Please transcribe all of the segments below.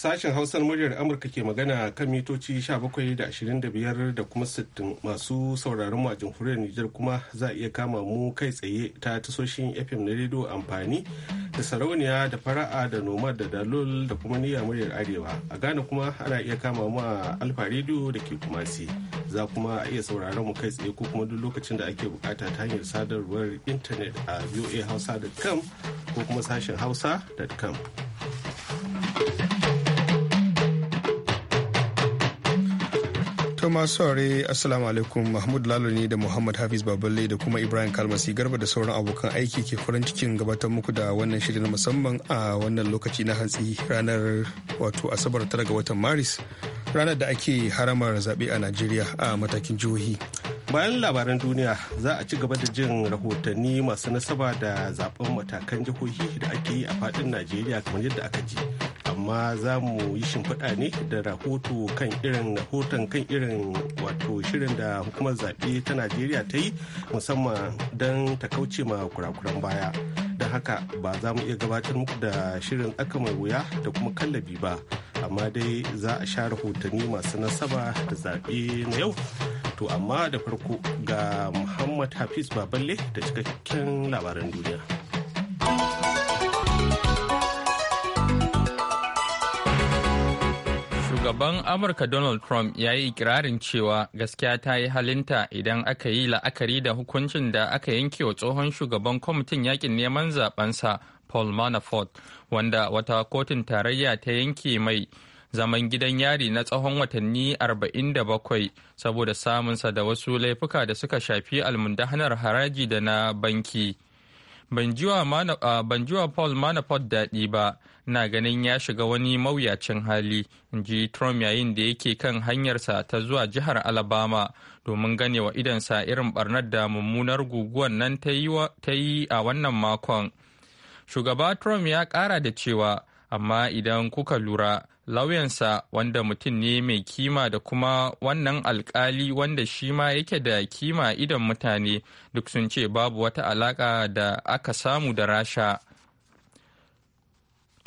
Sashen Hausar muryar Amurka ke magana kan mitoci 17.25 da da kuma 60 masu sauraron a jamhuriyar Nijar kuma za a iya kama mu kai tsaye ta tasoshin FM na rediyo amfani da sarauniya da fara'a da noma da dalol da kuma niyya muryar Arewa. A Ghana kuma ana iya kama mu a Alfa rediyo da ke kumasi. Za kuma a iya sauraron mu kai tsaye ko kuma duk lokacin da ake bukata ta hanyar sadarwar intanet a voahausa.com ko kuma sashen hausa.com. To masu ware Assalamu alaikum Mahmud Lalo ne da Muhammad Hafiz Baballe da kuma Ibrahim Kalmasi Garba da sauran abokan aiki ke farin cikin gabatar muku da wannan shirin musamman a wannan lokaci na hantsi ranar wato Asabar tara ga watan Maris ranar da ake haramar zaɓe a Najeriya a matakin jihohi. Bayan labaran duniya za a ci gaba da jin rahotanni masu nasaba da zaben matakan jihohi da ake yi a faɗin Najeriya kamar yadda aka ji. amma za mu yi shimfiɗa ne da rahoto kan irin rahoton kan irin wato shirin da hukumar zaɓe ta najeriya ta yi musamman don ta kauce ma kurakuran baya don haka ba za mu iya gabatar muku da shirin tsaka mai wuya da kuma kallabi ba amma dai za a sha rahotanni masu nasaba da zaɓe na yau to amma da farko ga muhammad hafiz baballe da cikakken labaran duniya. Shugaban Amurka Donald Trump ya yi ikirarin cewa gaskiya ta yi halinta idan aka yi la'akari da hukuncin da aka yanke wa tsohon shugaban kwamitin yakin neman zabensa Paul Manafort, wanda wata kotun tarayya ta yanke mai zaman gidan yari na tsawon watanni 47 saboda samunsa da wasu laifuka da suka shafi almundahanar haraji da na banki. Ban jiwa ah, Paul Manafort daɗi ba. ina ganin ya shiga wani mawuyacin hali ji trump yayin da yake kan hanyarsa ta zuwa jihar alabama domin ganewa idansa irin barnar da mummunar guguwan nan ta yi a wannan makon shugaba trump ya kara da cewa amma idan kuka lura lauyansa wanda mutum ne mai kima da kuma wannan alkali wanda shi ma yake da kima idan mutane duk sun ce babu wata alaka da aka samu da rasha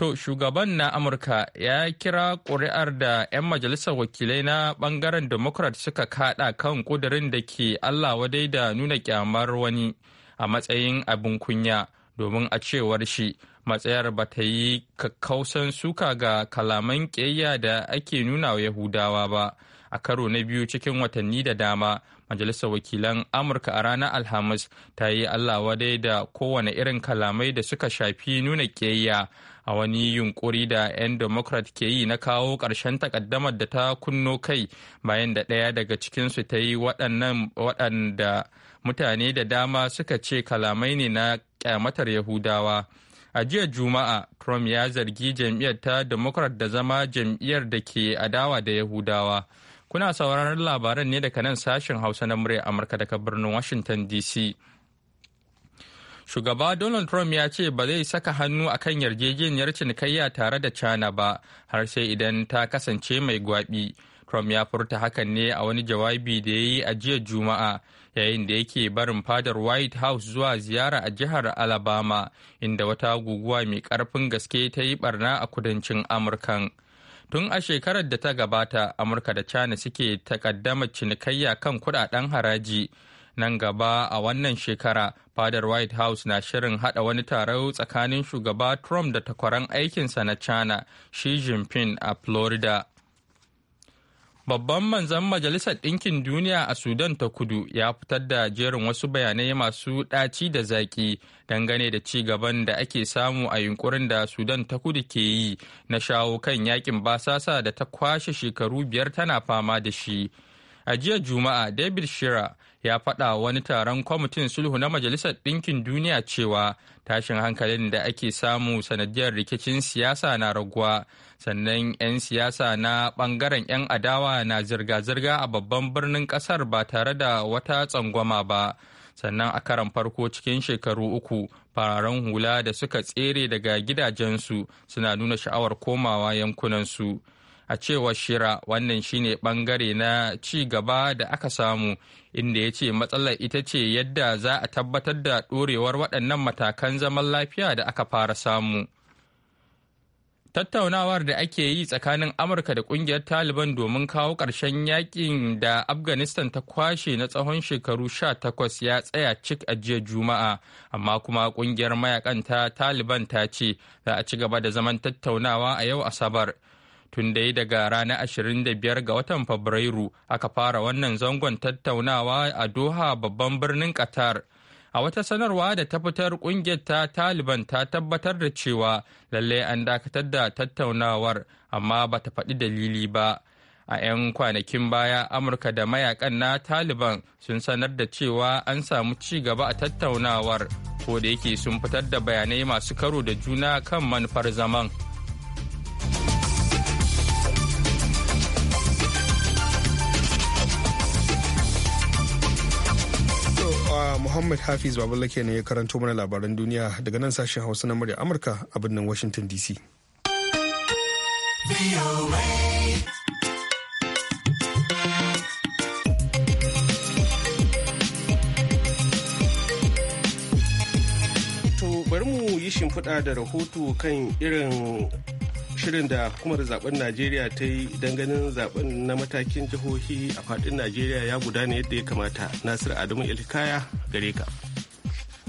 To shugaban na Amurka ya kira ƙuri'ar da 'yan majalisar wakilai na ɓangaren Democrat suka kaɗa kan ƙudurin da ke Allah wadai da nuna ƙyamar wani a matsayin abin kunya domin a cewar shi matsayar ba ta yi kakkausan suka ga kalaman ƙeya da ake nuna wa Yahudawa ba. a karo na biyu cikin watanni da dama majalisar wakilan amurka a ranar alhamis ta yi allah wadai da kowane irin kalamai da suka shafi nuna ƙiyayya. a wani yunkuri da 'yan democrat ke yi na kawo ƙarshen takaddamar da ta kunno kai bayan da ɗaya daga cikinsu ta yi waɗanda mutane da dama suka ce kalamai ne na ƙyamatar yahudawa a jiya juma'a trump ya zargi jam'iyyar ta democrat da zama jam'iyyar da ke adawa da yahudawa kuna sauraron labaran ne daga nan sashen hausa na murya amurka daga birnin washington dc Shugaba Donald Trump ya ce ba zai saka hannu a kan yarjejeniyar cinikayya tare da China ba har sai idan ta kasance mai gwabi. Trump ya furta hakan ne a wani jawabi da ya yi a jiya Juma'a yayin da yake barin fadar White House zuwa ziyara a jihar Alabama inda wata guguwa mai karfin gaske ta yi barna a kudancin Amurkan. tun a shekarar da ta gabata amurka da china suke takaddama cinikayya kan kudaden haraji nan gaba a wannan shekara fadar white house na shirin hada wani taro tsakanin shugaba trump da takwaran aikinsa na china shi jinping a florida babban manzan majalisar ɗinkin duniya a sudan ta kudu ya fitar da jerin wasu bayanai masu ɗaci da zaƙi dangane da ci gaban da ake samu a yunkurin da sudan ta kudu ke yi na shawo kan yakin basasa da ta kwashe shekaru biyar tana fama da shi a jiya juma'a david shira ya faɗa wani taron kwamitin sulhu na majalisar ɗinkin duniya cewa tashin hankalin da ake samu sanadiyar rikicin siyasa na raguwa sannan 'yan siyasa na ɓangaren 'yan adawa na zirga-zirga a babban birnin ƙasar ba tare da wata tsangwama ba sannan a karan farko cikin shekaru uku fararen hula da suka tsere daga gidajensu suna nuna sha'awar komawa yankunansu. a cewar shira wannan shine bangare na ci gaba da aka samu inda ya ce matsalar ita ce yadda za a tabbatar da ɗorewar waɗannan matakan zaman lafiya da aka fara samu tattaunawar da ake yi tsakanin amurka da kungiyar taliban domin kawo ƙarshen yakin da afghanistan ta kwashe na tsawon shekaru sha 18 ya tsaya cik a jiya juma'a amma kuma kungiyar mayakan ta taliban ta ce za a ci gaba da zaman tattaunawa a yau asabar tun dai daga ranar 25 ga watan Fabrairu aka fara wannan zangon tattaunawa a Doha babban birnin Qatar. A wata sanarwa da ta fitar kungiyar ta Taliban ta tabbatar da cewa lallai an dakatar da tattaunawar amma ba ta faɗi dalili ba. A 'yan kwanakin baya Amurka da mayakan na Taliban sun sanar da cewa an samu ci gaba a tattaunawar, ko da yake sun fitar da bayanai masu karo da juna kan manufar zaman. a Muhammad Hafiz Babalake ne ya karanto mana labaran duniya daga nan sashen Hausa na murya Amurka a birnin Washington DC. bari mu yi shimfiɗa da rahoto kan irin shirin da hukumar zaben najeriya ta yi ganin zaben na matakin jihohi a faɗin najeriya ya gudana yadda ya kamata nasir adamu ilkaya gare ka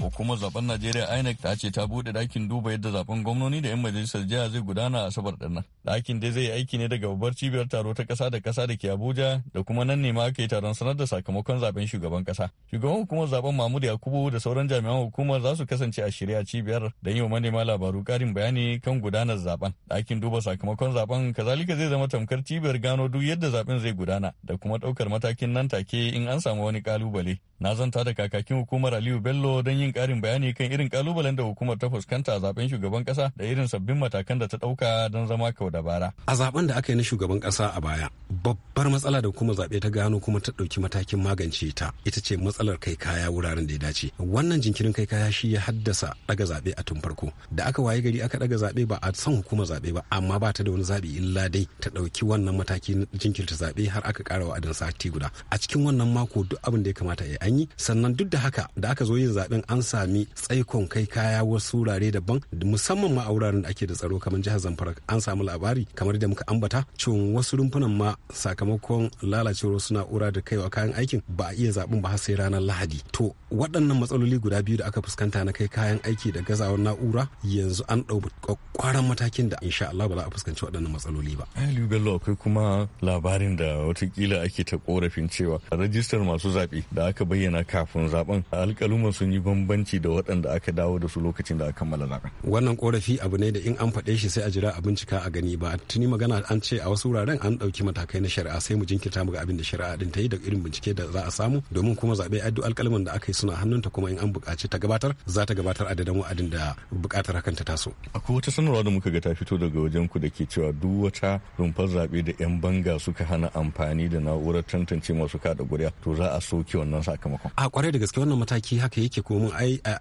Hukumar zaben Najeriya INEC ta ce ta bude dakin duba yadda zaben gwamnoni da 'yan majalisar jiha zai gudana a Asabar ɗin nan. Dakin dai zai yi aiki ne daga babbar cibiyar taro ta ƙasa da ƙasa da ke Abuja da kuma nan ne ma aka yi taron sanar da sakamakon zaben shugaban ƙasa. Shugaban hukumar zaben Mahmud Yakubu da sauran jami'an hukumar za su kasance a shirya cibiyar don yi wa manema labaru ƙarin bayani kan gudanar zaben. Dakin duba sakamakon zaben kazalika zai zama tamkar cibiyar gano duk yadda zaben zai gudana da kuma ɗaukar matakin nan take in an samu wani ƙalubale. Na zanta da kakakin hukumar Aliyu Bello don yin karin bayani kan irin kalubalen da hukumar ta fuskanta a zaben shugaban kasa da irin sabbin matakan da ta ɗauka don zama kau da bara. A zaben da aka yi na shugaban kasa a baya, babbar matsala da hukumar zaɓe ta gano kuma ta ɗauki matakin magance ta ita ce matsalar kai kaya wuraren da ya dace. Wannan jinkirin kai kaya shi ya haddasa ɗaga zaɓe a tun farko. Da aka waye gari aka ɗaga zaɓe ba a son hukumar zaɓe ba amma ba ta da wani zaɓi illa dai ta ɗauki wannan mataki na jinkirta zaɓe har aka ƙara wa'adin sati guda. A cikin wannan mako duk abin da ya kamata ya yi an yi sannan duk da haka da aka zo yin zaɓen an sami tsaikon kai kaya wasu wurare daban musamman ma a wuraren da ake da tsaro kamar jihar zamfara an samu labari kamar da muka ambata cewa wasu rumfunan ma sakamakon lalacewar wasu na'ura da kaiwa kayan aikin ba a iya zaɓin ba har sai ranar lahadi to waɗannan matsaloli guda biyu da aka fuskanta na kai kayan aiki da gazawar na'ura yanzu an ɗau kwakwaran matakin da insha Allah ba za a fuskanci waɗannan matsaloli ba. Ali Bello akwai kuma labarin da watakila ake ta korafin cewa rajistar masu zaɓe da aka bayyana kafin zaben alƙaluman sun yi bambam. bambanci da waɗanda aka dawo da su lokacin da aka kammala zaben. Wannan korafi abu ne da in an faɗe shi sai a jira a bincika a gani ba tuni magana an ce a wasu wuraren an ɗauki matakai na shari'a sai mu jinkirta mu ga abin da shari'a din ta yi da irin bincike da za a samu domin kuma zaɓe addu alƙalman da aka yi suna hannunta kuma in an buƙaci ta gabatar za ta gabatar adadin wa'adin da buƙatar hakan ta taso. Akwai wata sanarwa da muka ga ta fito daga wajen ku da ke cewa duk wata rumfar zaɓe da 'yan banga suka hana amfani da na'urar tantance masu kaɗa ƙuri'a to za a soke wannan sakamakon. A kwarai da gaske wannan mataki haka yake kuma mun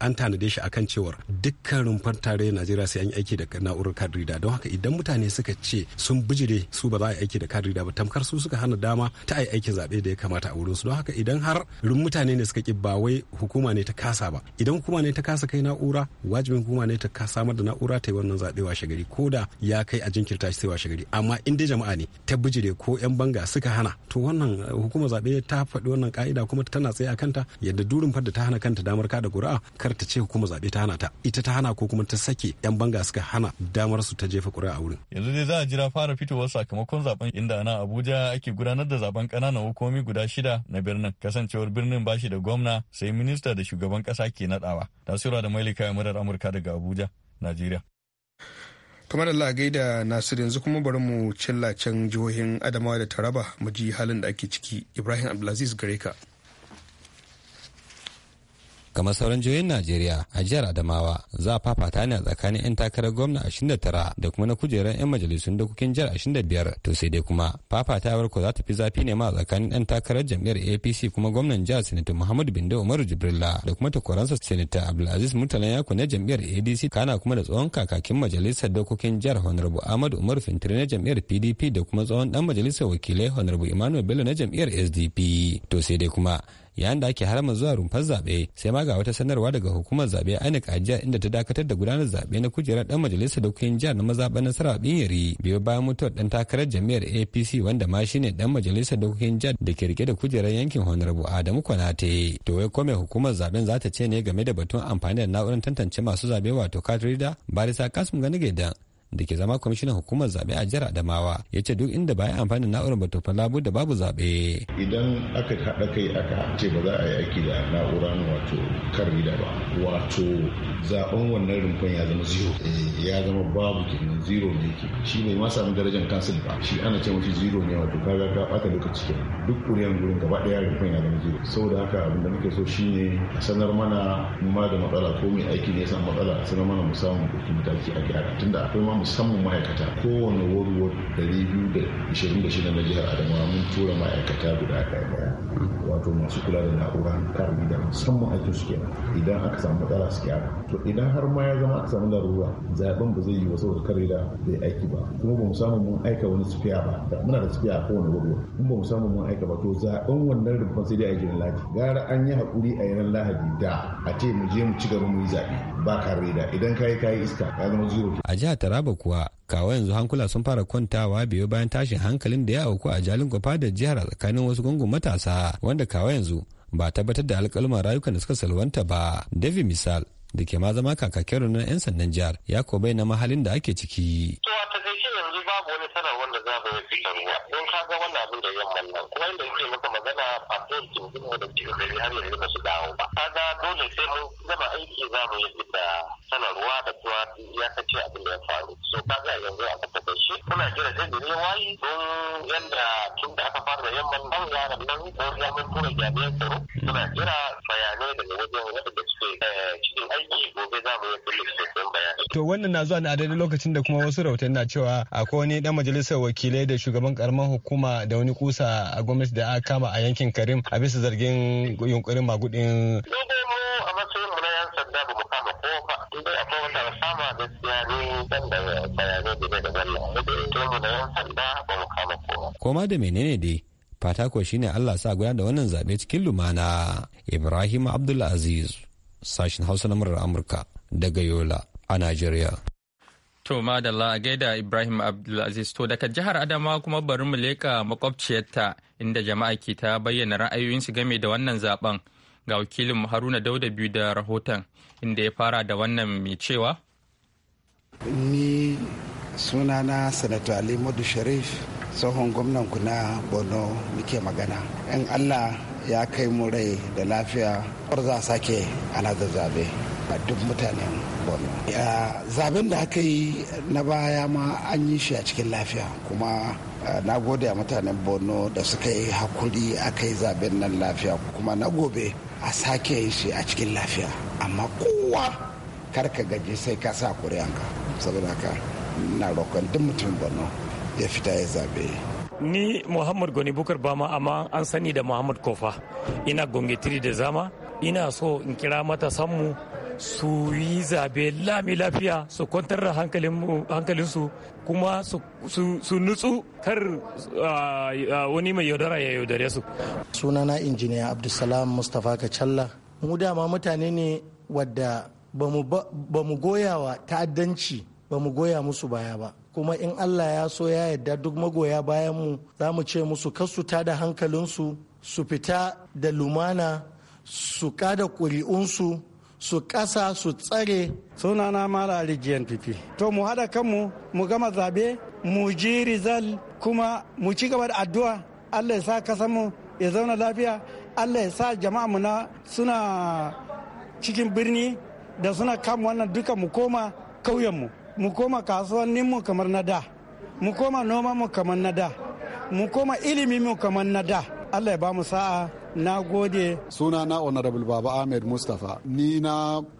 an tanade shi akan cewar dukkan rumfar tarayyar najeriya sai an yi aiki da na'urar kadrida don haka idan mutane suka ce sun bijire su ba za a yi aiki da kadrida ba tamkar su suka hana dama ta yi aikin zabe da ya kamata a wurinsu don haka idan har rin mutane ne suka ki ba wai hukuma ne ta kasa ba idan hukuma ne ta kasa kai na'ura wajibin hukuma ne ta samar da na'ura ta yi wannan zaɓe washe gari ko da ya kai a jinkirta shi sai washe gari amma in dai jama'a ne ta bijire ko 'yan banga suka hana to wannan uh, hukumar zaɓe ta faɗi wannan ka'ida kuma tana tsaye a kanta yadda durin fadda ta hana kanta damar kada ƙuri'a kar ta ce hukumar zaɓe ta hana ta ita ta hana ko kuma ta sake yan banga suka hana damar su ta jefa ƙuri'a wurin yanzu dai za a jira fara fitowar sakamakon zaben inda na Abuja ake gudanar da zaben ƙananan hukumomi guda shida na birnin kasancewar birnin bashi da gwamna sai minista da shugaban ƙasa ke naɗawa tasira da mailika murar Amurka daga Abuja Najeriya kamar Allah gaida Nasir yanzu kuma bari mu cilla jihohin Adamawa da Taraba mu ji halin da ake ciki Ibrahim Abdulaziz gareka. kamar sauran jihohin najeriya a jihar adamawa za a fafata ne a tsakanin 'yan takarar gwamna 29 da kuma na kujerar 'yan majalisun dokokin jihar 25 to sai dai kuma fafatawar ko za ta fi zafi ne ma a tsakanin 'yan takarar jam'iyyar apc kuma gwamnan jihar sanata muhammadu bindo umar jibrilla da kuma takwaransa sanata abdulaziz murtala yako na jam'iyyar adc kana kuma da tsohon kakakin majalisar dokokin jihar honorable ahmadu umar fintiri na jam'iyyar pdp da kuma tsohon dan majalisar wakilai honorable emmanuel bello na jam'iyyar sdp to sai dai kuma yayin da ake harama zuwa rumfar zaɓe sai ma ga wata sanarwa daga hukumar zaɓe INEC a jiya inda ta dakatar da gudanar zaɓe na kujerar dan majalisar dokokin jihar na mazaɓar nasara binyari biyo bayan mutuwar ɗan takarar jami'ar APC wanda ma shine dan majalisar dokokin jihar da ke rike da kujerar yankin Honorable Adamu Kwanate to wai kome hukumar zaɓen za ta ce ne game da batun amfani da na'urar tantance masu zaɓe wato card reader Barisa Kasim Ganigaidan da ke zama kwamishinan hukumar zaɓe a jihar Adamawa ya ce duk inda ba ya amfani na'urar ba to labu da babu zaɓe. Idan aka haɗa kai aka ce ba za a yi aiki da na'ura wato kan rida ba wato zaɓen wannan rumfan ya zama zero eh, ya zama babu kenan zero ne ke shi ne ma samu darajar kansil ba shi ana ce mashi zero ne wato kaga ka ɓata duka cikin duk kuriyan gurin gaba ɗaya rumfan ya zama zero saboda haka abin da muke so shine a sanar mana ma da matsala ko mai aiki ne ya samu matsala a sanar mana mu samu mataki a gyara tunda akwai ma musamman ma'aikata kowane warwar 226 na jihar adamawa mun tura ma'aikata guda ɗaya wato masu kula da na'ura ta da musamman aikin su kenan idan aka samu matsala su gyara to idan har ma ya zama aka samu larura zaben ba zai yi wa saboda kare da bai aiki ba kuma ba mu samu mun aika wani sufiya ba muna da sufiya a kowane warwar in ba mu samu mun aika ba to zaben wannan rubutun sai dai a gidan lahadi gara an yi haƙuri a yanar lahadi da a ce mu je mu ci gaba mu yi zaɓe ba kare da idan ka yi ka yi iska ya zama zero a jihar taraba kuwa kawo yanzu hankula sun fara kwantawa biyo bayan tashin hankalin da ya auku a jalin da jihar a tsakanin wasu gungun matasa wanda kawo yanzu ba tabbatar da alƙalman rayukan da suka salwanta ba dafi misal da mazama ma zama kakakin rundunar 'yan sandan jihar ya ko na mahalin da ake ciki. ta gaishe yanzu babu wani tana da za mu yi ruwa don ka ga wannan abin da yamman nan kuma inda yake maka magana a cikin mu da cikin gari har yanzu ba su dawo ba. Kaga dole sai mun gama aiki za mu yi da sanarwa da kuma ya kace abin da ya faru. So kaga yanzu a kasa da shi muna jira jajiri wayi don yanda tun da aka fara da yamman nan yaran nan ko ya mun tura jami'an tsaro suna jira bayanai daga wajen waɗanda suke eh, cikin aiki. To wannan na zuwa ne a daidai lokacin da kuma wasu rahoton na cewa akwai wani dan majalisar wakilai da shugaban karamar hukuma da wani kusa a gwamnati da aka kama a yankin Karim a bisa zargin yunkurin magudin. Koma da menene dai? fata ko shine Allah sa gudanar da wannan zaɓe cikin lumana Ibrahim Abdulaziz sashen Hausa na murar Amurka daga Yola a Najeriya. To madalla a gaida Ibrahim Abdulaziz to daga jihar adama kuma bari mu leka makwabciyarta inda jama'a ke ta bayyana ra'ayoyinsu game da wannan zaben ga wakilin Haruna Dauda biyu da rahoton inda ya fara da wannan mai cewa. Ni sunana Sanata Ali Madu Sharif tsohon gwamnan ku na Borno muke magana. 'Yan Allah ya kai mu rai da lafiya za a sake da zabe a duk mutanen borno zaben da aka yi na baya ma an yi shi a cikin lafiya kuma na gode a mutanen borno da suka yi hakuri aka yi zaben nan lafiya kuma na gobe a sake yin shi a cikin lafiya amma kowa karka gaji sai ka sa kuri'anka saboda haka na roƙon duk mutum borno ya fita ya zabe ni muhammad goni bukar bama amma an sani da muhammad kofa ina gongetiri da zama ina so in kira sanmu su yi zabe lami lafiya su kwantar da hankalinsu kuma su nutsu kar wani mai yaudara ya yaudare su sunana injiniya abdulsalam mustapha kacalla mu dama mutane ne wadda ba mu goya wa ta'addanci ba mu goya musu baya ba kuma in allah ya so ya yadda duk magoya bayan mu za mu ce musu kasu ta da hankalinsu su fita da lumana su kada ƙuri'unsu su ƙasa su tsare sunana mara ali pipi to mu haɗa kanmu mu gama zabe mu ji rizal kuma mu ci gaba da addu'a allah ya sa kasanmu ya zauna lafiya allah ya sa jama'a mu na suna cikin birni da suna kama wannan duka mu koma ƙauyenmu mu koma kasuwanninmu kamar na da mu koma nomanmu kamar na da mu koma iliminmu kamar na da allah ya ba mu sa'a na gode suna na honorable baba ahmed mustapha ni na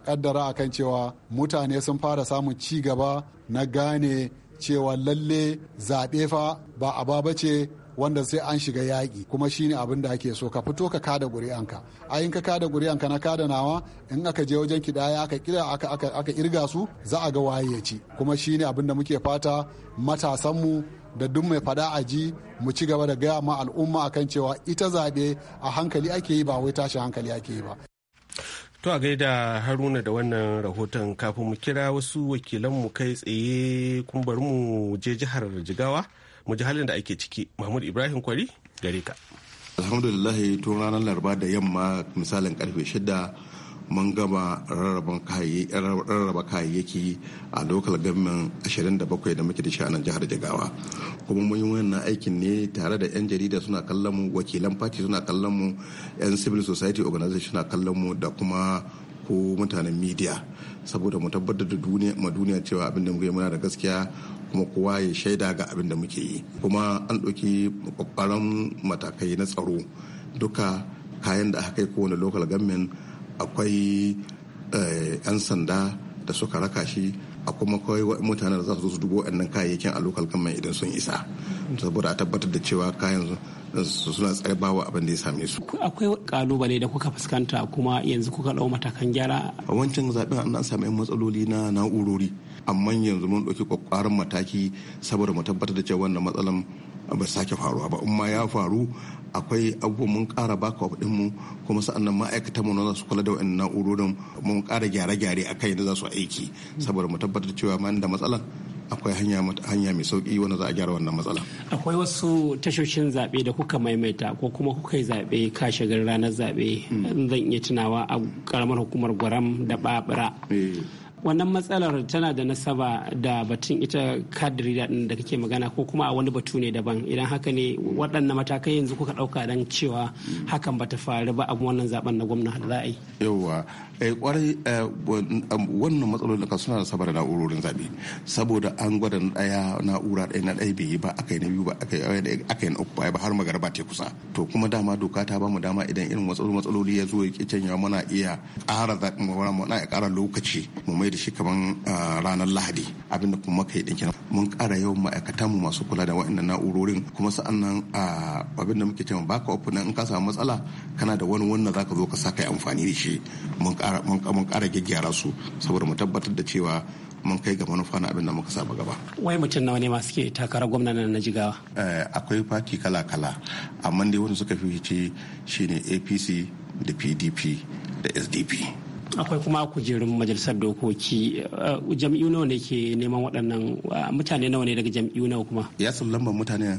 kaddara akan cewa mutane sun fara samun ci gaba na gane cewa lalle zaɓe fa ba a ba ce wanda sai an shiga yaƙi kuma shine abin da ake so ka fito ka kada ƙuri'anka a in ka kada ƙuri'anka na kada nawa in aka je wajen kidaya aka kira aka aka aka irga su za a ga waye ya ci kuma shine abin da muke fata matasanmu da duk mai fada a ji mu ci gaba da gaya ma al'umma akan cewa ita zaɓe a hankali ake yi ba wai tashi hankali ake yi ba To a gaida Haruna da wannan rahoton kafin mu kira wasu wakilan mu kai tsaye kun bari mu je jihar Jigawa mu ji halin da ake ciki mahmud ibrahim kwari gare ka alhamdulillah tun ranar laraba da yamma misalin karfe shida mun gama rarraba kayayyaki a lokal gamin 27 da muke da shi a nan jihar jigawa kuma mun yi wannan aikin ne tare da 'yan jarida suna kallon mu wakilan fati suna kallon mu 'yan civil society organization suna kallon mu da kuma ko mutanen media saboda mu tabbatar da duniya cewa abinda da muke muna da gaskiya kuma kowa ya shaida ga abin da muke yi kuma an ɗauki kwakwaran matakai na tsaro duka kayan da aka kai kowane local government akwai 'yan eh, sanda da suka raka shi a kuma kawai mutanen da za su zo su dubo wannan kayayyakin a lokal kamar idan sun isa saboda a tabbatar da cewa kayan su suna tsare bawa abin da ya same su akwai kalubale da kuka fuskanta kuma yanzu kuka dau matakan gyara a wancan zaben an samu matsaloli na na'urori amma yanzu mun ɗauki ƙwaƙƙwarin mataki saboda mu tabbatar da cewa wannan matsalan ba sake faruwa ba umma ya faru akwai abubuwan mun kara baka wa mu kuma sa'an nan ma'aikatan mu za su kula da wa'annan na'urorin mun kara gyare-gyare a kai da za su aiki saboda mu tabbatar cewa ma da matsalan akwai hanya mai sauki wanda za a gyara wannan matsala. akwai wasu tashoshin zaɓe da kuka maimaita ko kuma kuka yi zaɓe kashe ranar zaɓe hmm. zan iya tunawa a ƙaramar hukumar gwaram da babura. Eh. wannan matsalar tana da nasaba da batun ita kadiri da kake magana ko kuma a wani batu ne daban idan haka ne waɗannan matakai yanzu kuka ɗauka don cewa hakan bata faru ba a wannan zaben na gwamna da za a yi yawa kwarai eh, eh, wannan matsalolin ka suna da sabar na'urorin zaɓe saboda an gwada na ɗaya na'ura ɗaya na ɗaya bai yi ba aka yi na biyu ba aka yi na uku ba har ba ta kusa to kuma dama doka ta bamu dama idan irin matsaloli ya zo ya ƙi canja mana iya ƙara zaɓen mana ya ƙara lokaci mu mai da shi kamar ranar lahadi abinda kuma muka yi mun kara yawan ma'aikatan mu masu kula da waɗannan na'urorin kuma sa'an nan abin da muke cewa baka ofinan in ka samu matsala kana da wani wanda zaka zo ka saka amfani da shi mun ƙara gyaggyara su saboda mu tabbatar da cewa mun kai ga manufa na abin da muka saba gaba. Wai mutum nawa ne masu ke takarar gwamnati na jigawa? Eh, akwai fati kala-kala, amma dai wanda suka fi ce shine APC da PDP da SDP. akwai kuma kujerun majalisar dokoki uh, jam'iyyu nawa ne ke neman waɗannan uh, mutane nawa ne daga jam'iyyu nawa kuma ya san lambar mutane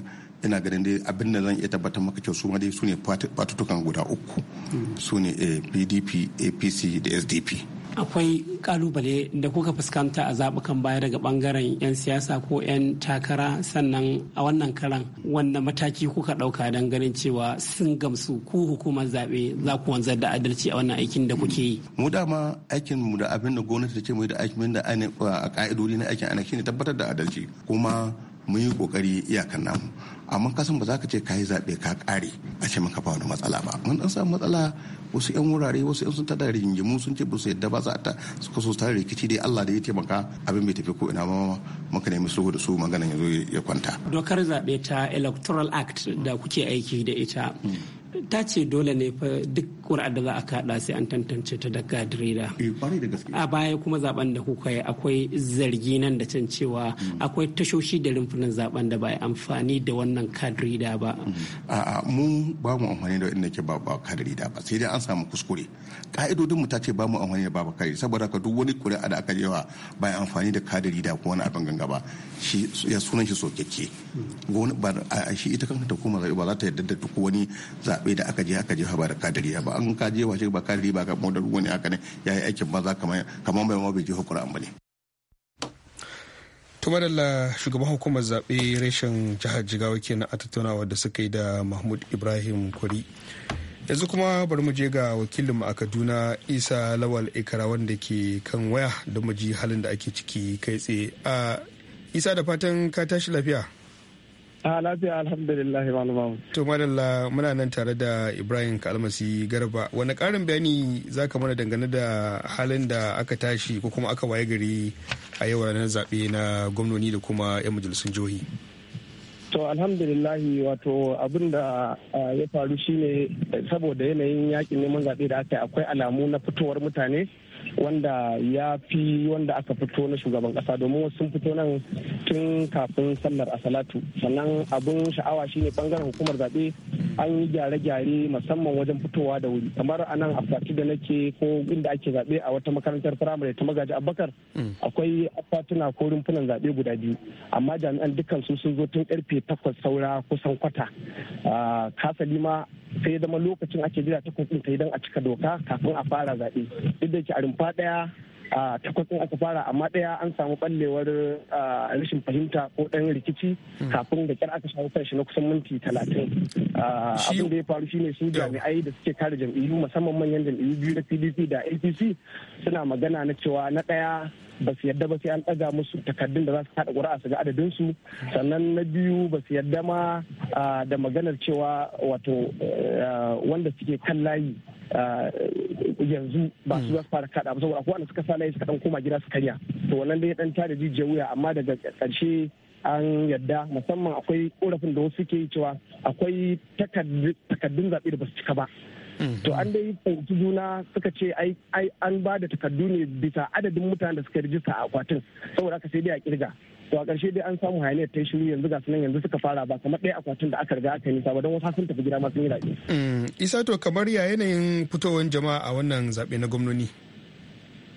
ina ganin dai abin da zan iya tabbatar maka kyau su ma dai su ne fatutukan guda uku hmm. su ne eh, pdp apc da sdp akwai kalubale da kuka fuskanta a zabukan baya daga bangaren 'yan siyasa ko 'yan takara sannan a wannan karan wannan mataki kuka dauka don ganin cewa sun gamsu ku hukumar zaɓe za ku wanzar da adalci a wannan aikin da kuke yi. mu dama aikin mu da abin da gwamnati da ce mu da aikin da a ka'idodi na aikin ana shine tabbatar da adalci kuma mun yi kokari iyakan namu amma kasan ba za ka ce ka yi zaɓe ka ƙare a ce maka ba wani matsala ba mun an samu matsala wasu yan wurare wasu yan sun tada rigingimu sun ce ba su yadda ba za ta suka so tare rikici dai Allah da ya taimaka abin bai tafi ko ina ma muka nemi sulhu da su maganan ya zo ya kwanta dokar zaɓe ta electoral act da kuke aiki da ita hmm. ta ce dole ne fa duk ƙuri'ar da za a kaɗa sai an tantance ta da direda. Eh, a baya kuma zaben da kuka yi akwai zargi nan da can cewa mm. akwai tashoshi da rumfunan zaben da ba amfani da wannan kadrida ba. Mm. A'a mu ba mu amfani da inda ke ba kadrida ba sai dai an samu kuskure. Ka'idodin mu ta ce ba mu amfani da ba kadrida saboda ka duk wani ƙuri'a da aka wa ba amfani da kadrida ko wani abin ganga ba shi ya sunan shi mm. ba Shi ita kanta kuma ba za ta yarda da duk wani zaɓe da aka je aka je ba da ba an ka je washe ba kadiri ba kamar da ruwa ne haka ne ya yi aikin maza kamar bai ma bai je an ba tuma da shugaban hukumar zaɓe reshen jihar jigawa kenan a tattaunawa da suka yi da mahmud ibrahim kwari yanzu kuma bari mu je ga wakilinmu a kaduna isa lawal ikara wanda ke kan waya don mu ji halin da ake ciki kai tsaye a isa da fatan ka tashi lafiya a lafiya alhamdulillah to Malalla muna nan tare da ibrahim kalmasi garba wani ƙarin bayani za ka mana dangane da halin da aka tashi ko kuma aka waye gari a yau ranar zaɓe na gwamnoni da kuma 'yan majalisun jihohi to alhamdulillah wato abin da ya faru shine saboda yanayin yakin neman zaɓe da aka akwai alamu na fitowar mutane wanda ya fi wanda aka fito na shugaban kasa domin wasu sun fito nan tun kafin sallar asalatu sannan abun sha'awa shine bangaren hukumar zaɓe an yi gyare-gyare musamman wajen fitowa da wuri kamar a nan akwati da nake ko inda ake zaɓe a wata makarantar firamare ta magaji abubakar mm. akwai akwatuna ko rumfunan zaɓe guda biyu amma jami'an dukkan su sun zo tun karfe takwas saura kusan kwata kasa ma sai zama lokacin ake jira takwas ɗin ta idan a cika doka kafin a fara zaɓe duk da ke a rumfa ɗaya a takwas aka fara amma ɗaya an samu ɓallewar rashin fahimta ko ɗan rikici hmm. kafin da ƙyar aka shawo kanshi na kusan minti talatin abin da ya faru shine su jami'ai da suke kare jam'iyyu musamman manyan jam'iyyu biyu na pdp da apc suna magana na cewa na ɗaya ba su yadda ba sai an ɗaga musu takardun da za su kaɗa ƙuri'a su ga adadin su sannan na biyu ba su yadda ma da maganar cewa wato wanda suke kan layi yanzu ba su za su fara kaɗa ba saboda akwai wanda suka sa layi suka ɗan koma gida su karya to wannan dai ɗan tada jijiyar wuya amma daga ƙarshe an yadda musamman akwai ƙorafin da wasu ke cewa akwai takardun zaɓe da ba su cika ba to an dai fahimci juna suka ce ai an ba da takardu ne bisa adadin mutanen da suka rijista a akwatin saboda aka sai dai a kirga to a ƙarshe dai an samu hayaniyar ta shiru yanzu ga sunan yanzu suka fara ba kamar ɗaya akwatin da aka riga aka nisa ba don wasu sun tafi gida masu sun yi mm, isa to kamar ya yanayin fitowar jama'a a wannan zaɓe na gwamnoni.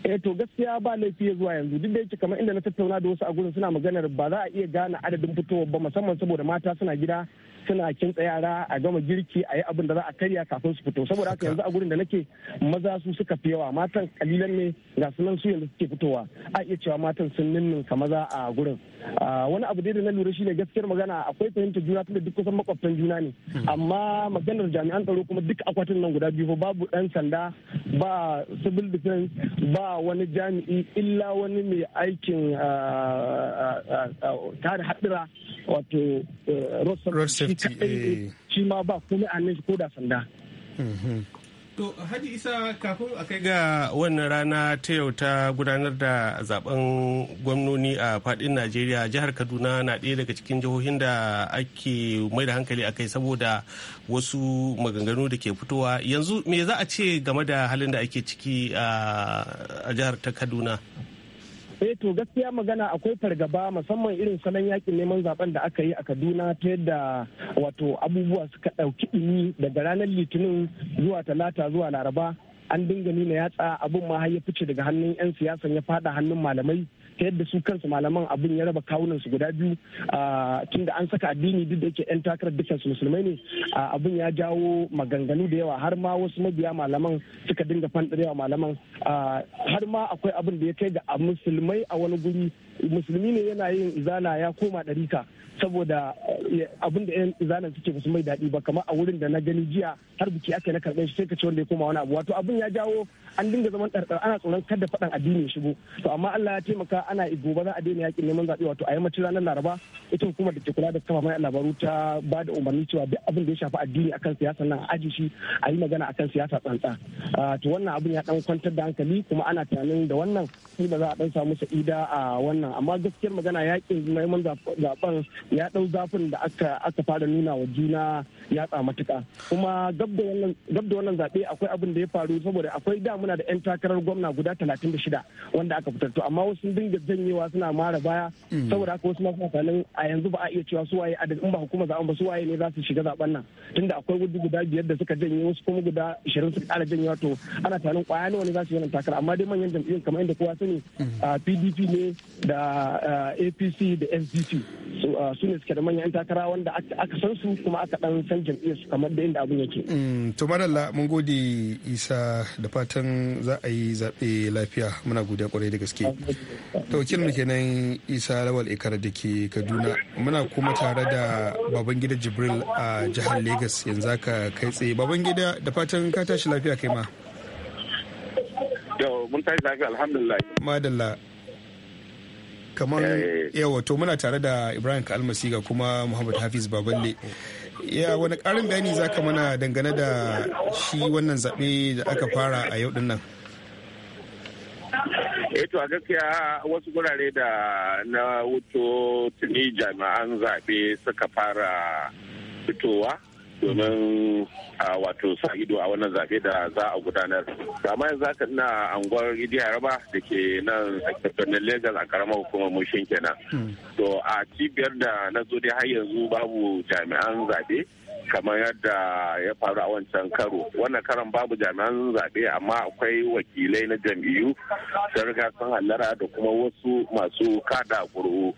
eh to gaskiya ba laifi ya zuwa yanzu duk da yake kamar inda na tattauna da wasu a gurin suna maganar ba za a iya gane adadin fitowar ba musamman saboda mata suna gida suna kintsa yara a gama girki a yi abin da za a karya kafin su fito saboda haka yanzu a gurin da nake maza su suka fi yawa matan kalilan ne ga su nan su yanzu suke fitowa a iya cewa matan sun ka maza a gurin wani abu dai da na lura shine gaskiyar magana akwai fahimtar juna tunda duk kusan makwabtan juna ne hmm. amma maganar jami'an tsaro kuma duk akwatin nan guda biyu babu dan sanda ba civil defense ba wani jami'i illa wani mai aikin tare haɗira wato eh, road fta shi ma ba komai a nan ko da sanda mhm. To Haji Isa kafin a kai ga wannan rana ta yau ta gudanar da zaben gwamnoni a fadin Najeriya jihar Kaduna na ɗaya daga cikin jihohin da ake mai da hankali a kai saboda wasu maganganu da ke fitowa yanzu me za a ce game da halin da ake ciki a jihar ta Kaduna? eh to gaskiya magana akwai fargaba musamman irin salon yakin neman zaben da aka yi a kaduna ta yadda wato abubuwa suka ɗauki ɗumi daga ranar litinin zuwa talata zuwa laraba an dinga nuna yatsa abun ma har ya fice daga hannun 'yan siyasan ya fada hannun malamai ta yadda su kansu malaman abin ya raba kawunan su guda biyu tunda an saka addini duk da yake yan takarar dukkan su musulmai ne abin ya jawo maganganu da yawa har ma wasu mabiya malaman suka dinga fandarewa malaman har ma akwai abin da ya kai ga musulmai a wani guri musulmi ne yana yin izala ya koma ɗarika saboda eh, abin da yan zanen suke ba su mai daɗi ba kamar a wurin da na gani jiya har biki aka na karɓe shi sai ka ci wanda ya koma wani abu wato abin ya jawo an dinga zaman ɗarɗar ana tsoron kada faɗan addini ya shigo to amma Allah ya taimaka ana gobe za a daina yakin neman zaɓe wato a yammacin ranar Laraba ita hukumar da ke kula da mai labaru ta ba da umarni cewa duk abin da ya shafi addini akan siyasa nan a aji shi a yi magana akan siyasa tsantsa ah, to wannan abin ya dan kwantar da hankali kuma ana tunanin da wannan ba za a dan samu sa'ida a wannan amma gaskiyar magana yakin neman zaɓen ya ɗau zafin da aka fara nuna wa juna ya matuka kuma gab da wannan zaɓe akwai abin da ya faru saboda akwai damuna da 'yan takarar gwamna guda 36 wanda aka fitar to amma wasu dinga janyewa suna mara baya mm. saboda haka wasu masu kanin a yanzu ba a iya cewa su waye in ba hukuma zaɓen ba su waye ne za su shiga zaɓen nan tunda akwai wudu guda biyar da suka janye wasu kuma guda 20 suka ƙara janyewa to ana tunanin kwaya nawa ne za su yi wannan takara amma dai manyan jam'iyyun kamar inda kowa sani pdp mm. ne da apc da sdp su ne suke da manyan takara wanda aka san su kuma aka dan san jam'iyyar su kamar da inda abun yake. Mm, to madalla mun gode isa da fatan za a yi zaɓe lafiya muna godiya kwarai da gaske. to mu kenan isa lawal ikara da ke kaduna muna kuma tare da baban gida jibril a jihar Legas yanzu aka kai tsaye baban gida da fatan ka tashi lafiya kai ma. mun tashi lafiya alhamdulillah. madalla kamar eh. yawa to muna tare da ibrahim kalmasi ga kuma muhammad hafiz baballe ya wani karin bayani za ka mana dangane da shi wannan zaɓe da aka fara a yau dinnan eh to a gaskiya wasu gurare da na wuto tuni jami'an zaɓe suka fara fitowa domin a wato sa ido a wannan zaɓe da za a gudanar amma yanzu haka ina anguwar idi yaraba da ke nan birnin legas a karamar hukumar mushin kenan hmm. to a cibiyar da na zo dai har yanzu babu jami'an zaɓe kamar yadda ya faru a wancan karo wannan karan babu jami'an zaɓe amma akwai wakilai na jam'iyyu sun riga sun hallara da kuma wasu masu kada ƙuri'u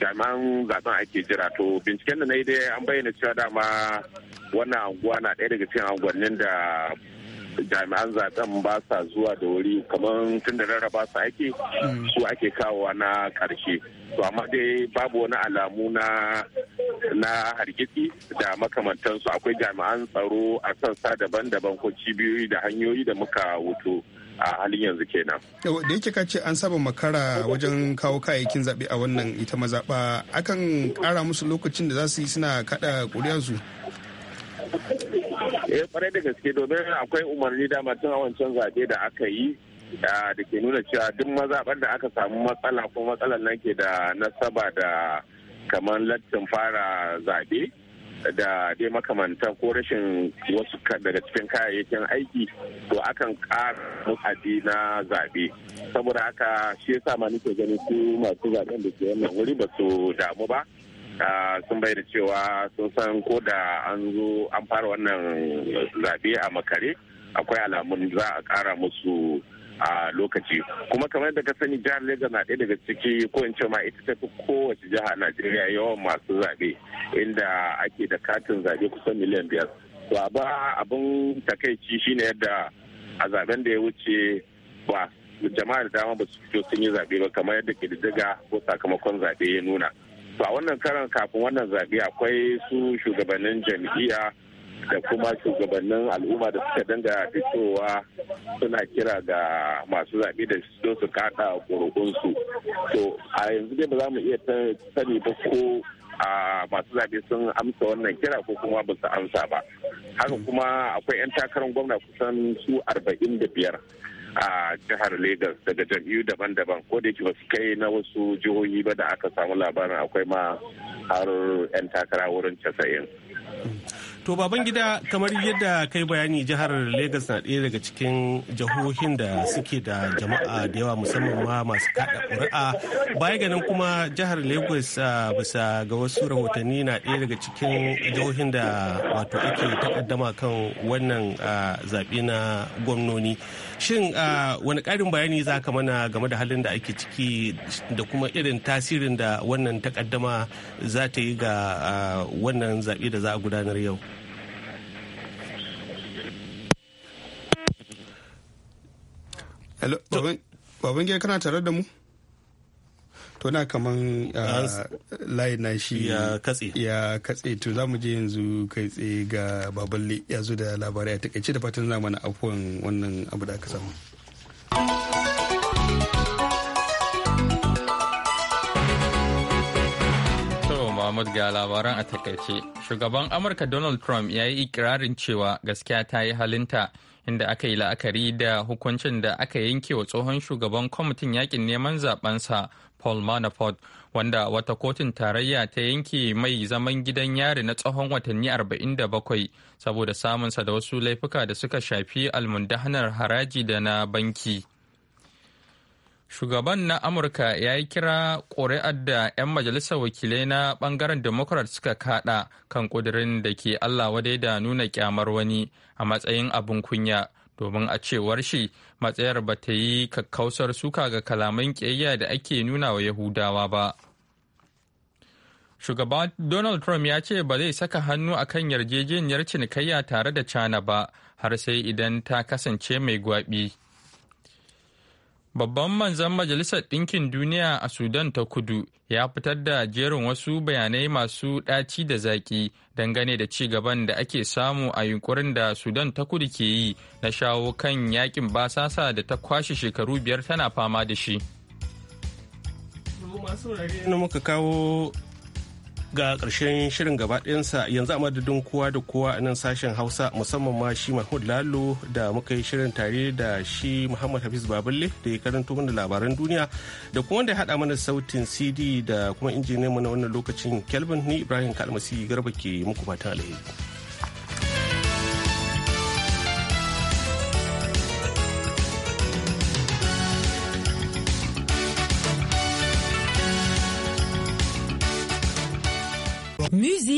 jami'an zaben ake jira to binciken da na yi dai an bayyana cewa dama wannan anguwa na ɗaya daga cikin anguwannin da jami'an zaben ba sa zuwa da wuri kamar tun da rarraba su ake su ake kawowa na karshe to amma dai babu wani alamu na na hargitsi da makamantansu akwai jami'an tsaro a sassa daban-daban ko cibiyoyi da hanyoyi da muka wuto a halin yanzu kenan. Da yake ka ce an saba makara wajen kawo kayayyakin zaɓe a wannan ita mazaɓa akan ƙara musu lokacin da za su yi suna kaɗa ƙuri'arsu. Eh kwarai da gaske domin akwai umarni dama tun a wancan zaɓe da aka yi da ke nuna cewa duk mazaɓar da aka samu matsala ko matsalar nan ke da nasaba da kamar lattin fara zaɓe da dai makamanta ko rashin wasu daga cikin kayayyakin aiki to akan ƙara mutane na zaɓe saboda haka shi yasa ma nake ganin su masu zaɓen da ke wannan wuri ba su damu ba ah, sun bai da cewa sun san ko da an zo an fara wannan zaɓe a makare akwai alamun za a ƙara musu a lokaci kuma kamar da ka sani jihar Legas na ɗaya daga ciki ko in ce ma ita ta fi kowace jiha a Najeriya yawan masu zaɓe inda ake da katin zaɓe kusan miliyan biyar. To ba abin takaici shine yadda a zaben da ya wuce ba jama'a da dama ba su fito sun yi zaɓe ba kamar yadda ƙididdiga ko sakamakon zaɓe ya nuna. To a wannan karan kafin wannan zaɓe akwai su shugabannin jam'iyya da kuma shugabannin al'umma da suka danga fitowa suna kira ga masu zaɓe da su su kaɗa ƙorokunsu to a yanzu dai ba za mu iya sani ba ko a masu zaɓe sun amsa wannan kira ko kuma ba su amsa ba haka kuma akwai 'yan takarar gwamna kusan su arba'in da biyar a jihar Lagos daga jam'iyyu daban-daban ko da yake ba su kai na wasu jihohi ba da aka samu labarin akwai ma har 'yan takara wurin casa'in. To baban gida kamar yadda kai bayani jihar lagos na ɗaya daga cikin jihohin da suke da jama'a da yawa musamman ma masu kada ƙuri'a. Baya ganin kuma jihar Legas bisa ga wasu rahotanni na ɗaya daga cikin jihohin da wato ake takaddama kan wannan zaɓe na gwamnoni. shin uh, wani ƙarin bayani za ka mana game da halin da ake ciki da kuma irin tasirin da wannan takaddama za ta yi ga uh, wannan zaɓe da za a gudanar yau baban kana tare da mu? to na kaman ah, layi na shi ya katse to za mu je yanzu kai tsaye ga baballe ya zo da labarai a takaice da fatan zamani afuwan wannan abu da aka samu. Muhammad ga labaran a takaice. Shugaban Amurka Donald Trump ya yi ikirarin cewa gaskiya ta yi halinta inda aka yi la'akari da hukuncin da aka yanke wa tsohon shugaban kwamitin yakin neman zabensa paul manafort wanda wata kotun tarayya ta yanke mai zaman gidan yari na tsawon watanni 47 saboda samunsa da wasu laifuka da suka shafi almundahanar haraji da na banki shugaban na amurka ya yi kira ƙuri'ar da 'yan majalisar wakilai na ɓangaren democrat suka kaɗa kan ƙudurin da ke allah wadai da nuna kyamar wani a matsayin abin kunya domin a cewar shi matsayar ba ta yi kakkausar suka ga kalaman ƙiyayya da ake nuna wa yahudawa ba shugaba donald trump ya ce ba zai saka hannu a kan yarjejeniyar cinikayya tare da china ba har sai idan ta kasance mai gwabi. Babban manzan Majalisar Ɗinkin Duniya a Sudan ta kudu ya fitar da jerin wasu bayanai masu ɗaci da zaƙi dangane da ci gaban da ake samu a yunkurin da Sudan ta kudu ke yi na shawo kan yakin basasa da ta kwashe shekaru biyar tana fama da shi. muka kawo ga karshen shirin gaba gabaɗinsa yanzu a madadin kowa da kowa a nan sashen hausa musamman ma shi mahmud lalo da muka yi shirin tare da shi muhammad hafiz baballe da ya karanto mana labaran duniya da kuma wanda ya haɗa mana sautin cd da kuma injiniyan mu na wannan lokacin kelvin ni ibrahim kalmasi garba ke muku fatan alheri musique